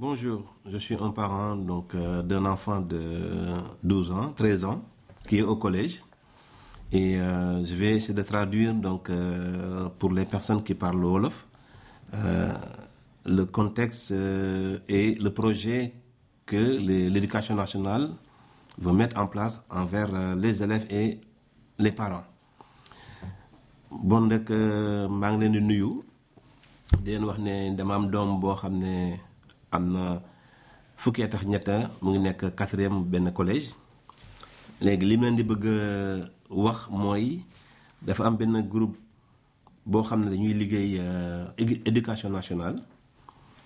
Bonjour, je suis un parent donc euh, d'un enfant de 12 ans, 13 ans, qui est au collège. Et euh, je vais essayer de traduire donc euh, pour les personnes qui parlent Wolof euh, le contexte euh, et le projet que l'éducation nationale veut mettre en place envers les élèves et les parents. bon nag maa ngi leen di nuyu di leen wax ne dama am doom boo xam ne. am na fukkee tax ak ñetta mu ngi nekk quatrième benn collège léegi li mu leen di bëgg wax mooy dafa am benn groupe boo xam ne dañuy liggéey euh, éducation national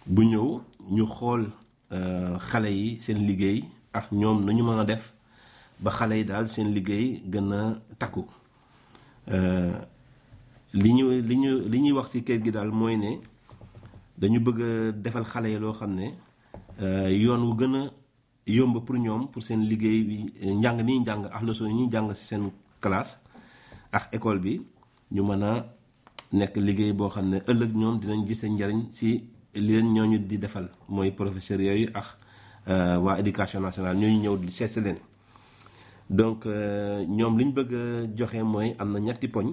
bu ñëw ñu xool euh, xale yi seen liggéey ak ñoom nu ñu mën a def ba xale yi daal seen liggéey gën a takku euh, li ñu li ñu li ñuy wax ci kër gi daal mooy ne dañu bëgg defal xale yi loo xam ne euh, yoon wu gën a yomb pour ñoom pour seen liggéey bi njàng nii njàng ak leçon yi ñuy jàng si seen classe ak école bi ñu mën a nekk liggéey boo xam ne ëllëg ñoom dinañ gis seen njariñ si li leen ñooñu di defal mooy professeurs yooyu ak euh, waa éducation nationale ñooñu ñëw di seet leen donc euh, ñoom liñ bëgg joxe mooy am na ñetti poñ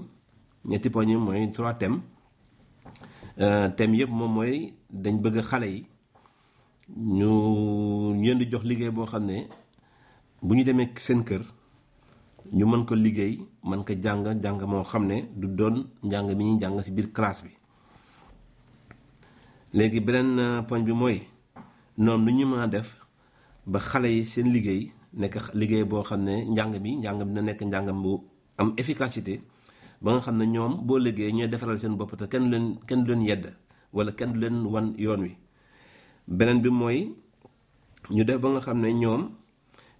ñetti poñ yi mooy trois thèmes Euh, tem yëpp moom mooy dañ bëgg xale yi ñu ñeen di jox liggéey boo xam ne bu ñu demee seen kër ñu mën ko liggéey mën ko jàng jàng moo xam ne du doon njàng mi ñuy jàng ci biir classe bi léegi beneen euh, poñ bi mooy noonu lu ñu mën a def ba xale yi seen liggéey nekk liggéey boo xam ne njàng bi njàng bi na nekk njàngam bu am efficacité ba nga xam ne ñoom boo liggéey ñooy defaral seen bopp te kenn leen kenn leen yedd wala kenn leen wan yoon wi beneen bi mooy ñu def ba nga xam ne ñoom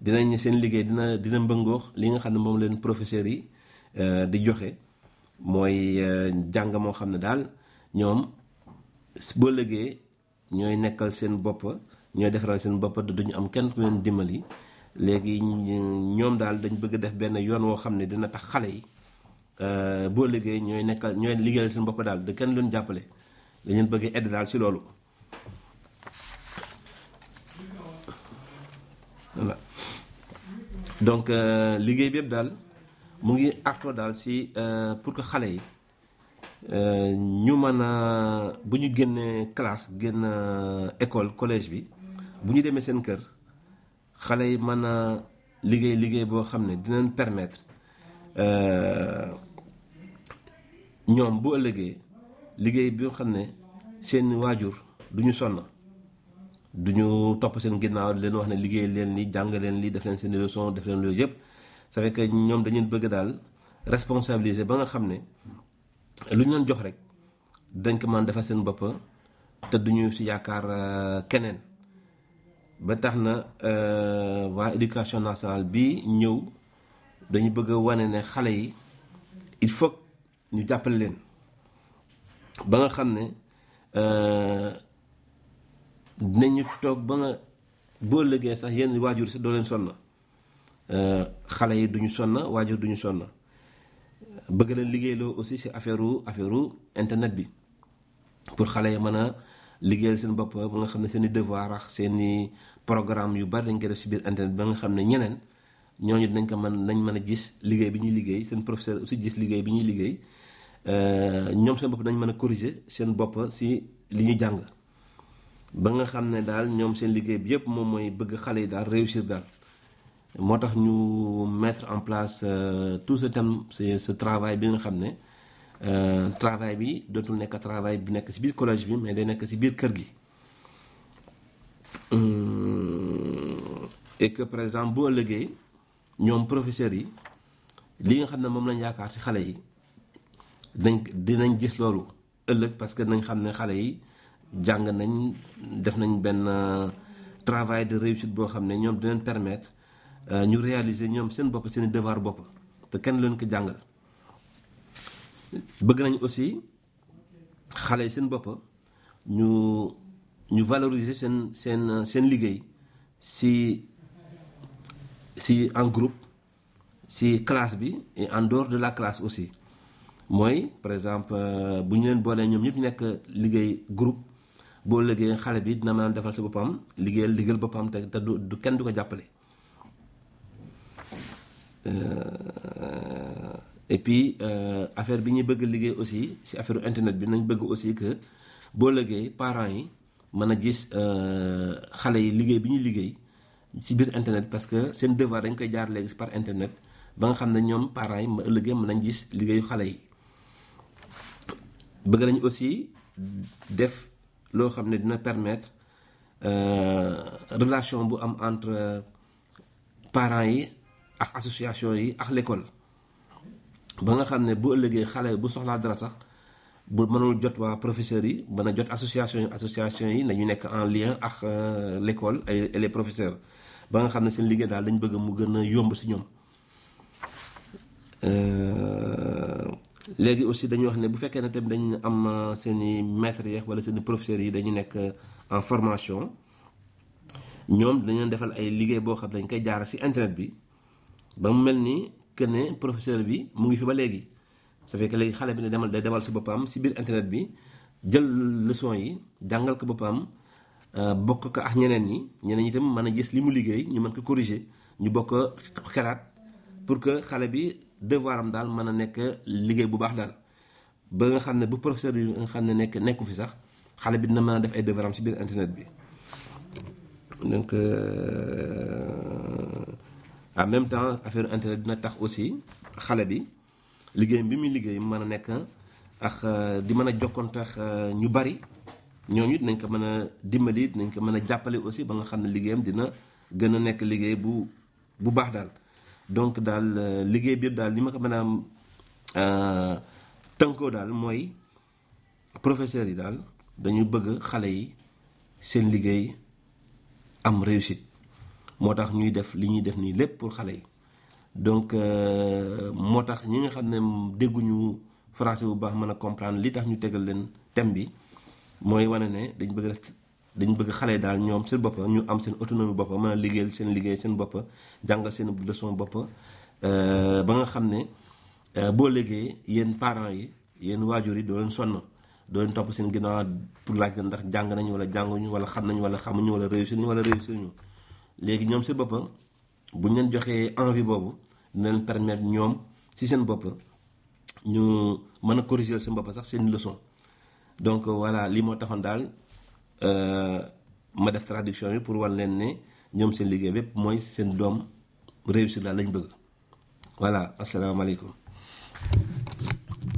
dinañ seen liggéey dina dina mbëngoox li nga xam ne moom leen professeur yi euh, di joxe mooy euh, jàng moo xam ne daal ñoom boo liggéey ñooy nekkal seen bopp ñooy defaral seen bopp te duñu am kenn ku leen dimbali léegi ñoom daal dañ bëgg def benn yoon woo xam ne dina tax xale yi Euh, boo liggéey ñooy nekkal ñooy liggéeyal seen bopp daal de kenn luñ jàppale dañ leen bëgg aide daal ci loolu donc euh, liggéey bi yëpp daal mu ngi artoo daal si euh, pour que xale yi ñu mën a bu ñu génnee classe génn école collège bi bu ñu demee seen kër xale yi mën a liggéey liggéey boo xam ne dinañ permettre ñoom bu ëllëgee liggéey bi nga xam ne seen waajur duñu sonn duñu topp seen ginnaaw leen wax ne liggéey leen li jàng leen li def leen seen leçon def leen loolu yëpp ça ñoom dañu bëgg daal responsabiliser ba nga xam ne lu leen jox rek dañ ko mën defal seen bopp te du ñu si yaakaar euh, keneen ba tax na euh, waa éducation nationale bi ñëw dañu bëgg a wane ne xale yi il faut ñu jàppale leen ba nga xam ne euh, dinañu toog ba nga boo lëggee sax yenn waajur sax doo leen sonn euh, xale yi duñu sonn waajur duñu sonn bëgg leen liggéeyloo aussi si affaire u affaire u internet bi pour xale yi mën a liggéeyal seen bopp ba nga xam ne seen i devoir ak seen i yu bari dañ koy def si biir internet ba nga xam ne ñeneen ñooñu dinañ ko mën nañ mën a gis liggéey bi ñuy liggéey seen professeur aussi gis liggéey bi ñuy liggéey euh, ñoom seen bopp dañ mën a corriger seen bopp si li ñu jàng ba nga xam ne daal ñoom seen liggéey bi yëpp moom mooy bëgg xale yi daal réussir daal moo tax ñu mettre en place euh, tout ce thème ce travail bi nga xam ne euh, travail bi dootul nekk travail bi nekk si biir collège bi mais day nekk si biir kër gi et que par exemple bu ëllëgee ñoom professeurs yi li nga xam ne moom lañ yaakaar si xale yi dañ dinañ gis loolu ëllëg parce que nañ xam ne xale yi jàng nañ def nañ benn euh, travail de réussite boo xam ne ñoom dinañ permettre euh, ñu réaliser ñoom seen bopp seen devoir bopp te kenn leen ko jàngal bëgg nañ aussi xale yi seen bopp ñu ñu valoriser seen seen seen liggéey si si en groupe si classe bi et en dehors de la classe aussi mooy par exemple euh, bu ñu leen boolee ñoom ñëpp ñu nekk liggéey group boo liggéey xale bi dina mën a defal si boppam liggéeyal liggéeyal boppam te te du kenn du ko jàppale. Euh, et puis euh, affaire bi ñu bëgg liggéey aussi si affaire internet bi nañ bëgg aussi que boo léggéey parent yi mën a gis xale yi liggéey bi ñuy liggéey. ci biir internet parce que seen devoir dañ koy jaar léegi par internet ba nga xam ne ñoom parents yi ma ëllëgee mën nañ gis liggéeyu xale yi bëgg nañ aussi def loo xam ne dina permettre euh, relation bu am entre parent yi ak association yi ak lekkool ba nga xam ne bu ëllëgee xale bu soxlaa dara sax bu mënul jot waa professeurs yi mën a jot association association yi nañu nekk en lien ak euh, l'école ay les professeurs ba nga xam ne seen liggéey daal dañ bëgg mu gën a yomb si ñoom euh, léegi aussi dañuy wax ne bu fekkee ne tam dañu am euh, seen i maîtres yeex wala seen i professeurs yi dañu nekk en formation ñoom dañ defal ay liggéey boo xam dañ koy jaaral si internet bi ba mu mel ni que ne professeur bi mu ngi fi ba léegi ça fait que léegi xale bi ne demal day demal si boppam si biir internet bi jël leçon yi jàngal ko boppam euh, bokk ko ak ñeneen yi ñeneen ñi tam mën a gis li mu liggéey ñu mën ko corriger ñu bokk xalaat pour que xale bi devoir am daal mën a nekk liggéey bu baax daal ba nga xam ne bu professeur bi nga xam ne nekk nekku fi sax xale bi dina mën a def ay devoir am si biir internet bi donc euh, en même temps affaire internet dina tax aussi xale bi liggéeyam bi muy liggéey mën a nekk ak euh, di mën a jokkonte ak euh, ñu bari ñooñu dinañ ko mën a dimbali dinañ ko mën a jàppale aussi ba nga xam ne liggéeyam dina gën a nekk liggéey bu bu baax daal donc daal euh, liggéey bi yëpp daal li ma ko mën a tënkoo daal mooy professeur yi daal dañu bëgg xale yi seen liggéey am réussit moo tax ñuy def li ñuy def nii lépp pour xale yi donc euh, moo tax ñi nga xam ne dégguñu français bu baax mën a comprendre li tax ñu tegal leen thème bi mooy wane ne dañ bëgg def dañ bëgg xale yi daal ñoom seen boppa ñu am seen autonomie boppa mën a liggéey seen liggéey seen boppa jàngal seen leçon boppa euh, ba nga xam ne euh, boo liggéey yéen parents yi yéen waajur yi doo leen sonn doo leen topp seen ginnaaw pour laaj leen ndax jàng nañu wala jànguñu wala xam nañu wala xamuñu wala réussir nañu wala réussir ñu léegi ñoom seen boppa bu ñu leen joxee envie boobu dina leen permettre ñoom si seen bopp ñu mën a corriger seen bopp sax seen leçon donc voilà lii moo taxoon daal euh, ma def traduction yi pour wan leen ne ñoom seen liggéey bépp mooy seen doom réussir daal lañ bëgg voilà asalaamaaleykum.